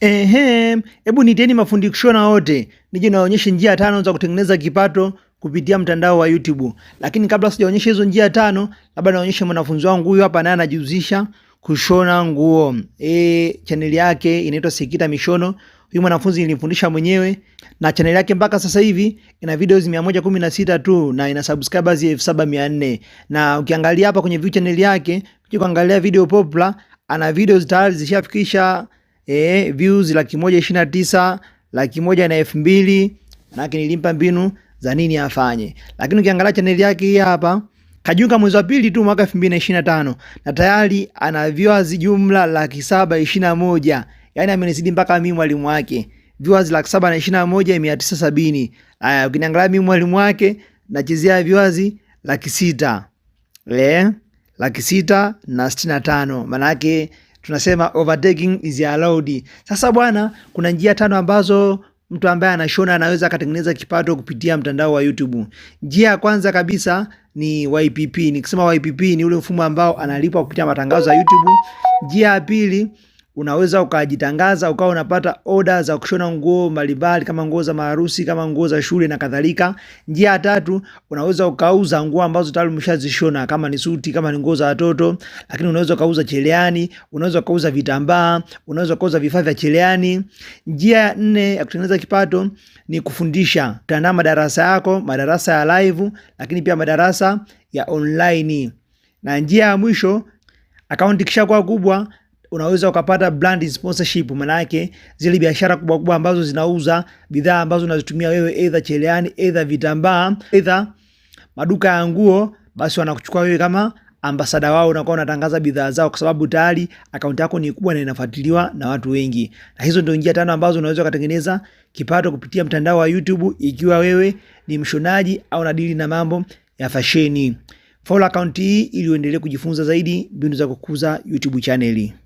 Ehem, hebu niteni mafundisho na wote nije naonyeshe njia tano za kutengeneza kipato kupitia mtandao wa YouTube. Lakini kabla sijaonyesha hizo njia tano, labda naonyeshe mwanafunzi wangu huyu hapa, naye anajihusisha kushona nguo. E, chaneli yake inaitwa Sikita Mishono. Huyu mwanafunzi nilimfundisha mwenyewe na chaneli yake mpaka sasa hivi ina videos 116 tu na ina subscribers 7400. Na ukiangalia hapa kwenye view channel yake, ukiangalia video popular, ana videos tayari zishafikisha eh, views laki moja ishirini na tisa laki moja na elfu mbili manake nilimpa mbinu za nini afanye. Lakini ukiangalia chaneli yake hii hapa kajiunga mwezi wa pili tu mwaka 2025 na tayari ana viewers jumla laki saba ishirini na moja yaani amenizidi mpaka mimi mwalimu wake viewers laki saba na ishirini na moja mia tisa sabini. Aya, ukiniangalia mimi mwalimu wake nachezea viewers laki sita le laki sita na sitini na tano maana yake tunasema overtaking is allowed. Sasa bwana, kuna njia tano ambazo mtu ambaye anashona anaweza akatengeneza kipato kupitia mtandao wa YouTube. Njia ya kwanza kabisa ni YPP. Nikisema YPP ni ule mfumo ambao analipwa kupitia matangazo ya YouTube. Njia ya pili unaweza ukajitangaza ukawa unapata oda za kushona nguo mbalimbali kama nguo za maharusi kama nguo za shule na kadhalika. Njia ya tatu, unaweza ukauza nguo ambazo tayari umeshazishona kama ni suti, kama ni nguo za watoto, lakini unaweza ukauza cheleani, unaweza ukauza vitambaa, unaweza ukauza vifaa vya cheleani. Njia ya nne ya kutengeneza kipato ni kufundisha, tandaa madarasa yako, madarasa ya live, lakini pia madarasa ya online. Na njia ya mwisho, akaunti kisha kuwa kubwa unaweza ukapata brand sponsorship, maana yake zile biashara kubwa kubwa ambazo zinauza bidhaa ambazo unazitumia wewe, either cheleani, either vitambaa, either maduka ya nguo, basi wanakuchukua wewe kama ambasada wao, unakuwa unatangaza bidhaa zao, kwa sababu tayari akaunti yako ni kubwa na inafuatiliwa na watu wengi. Na hizo ndio njia tano ambazo unaweza ukatengeneza kipato kupitia mtandao wa YouTube, ikiwa wewe ni mshonaji au unadili na mambo ya fasheni. Follow akaunti hii ili uendelee kujifunza zaidi mbinu za kukuza YouTube chaneli.